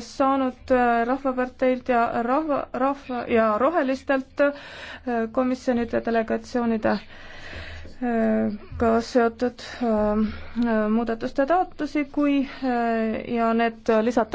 saanud äh, Rahvaparteilt ja Rahva, Rahva ja Rohelistelt äh, komisjonide delegatsioonide äh, ka seotud muudatuste taotlusi, kui ja need lisatakse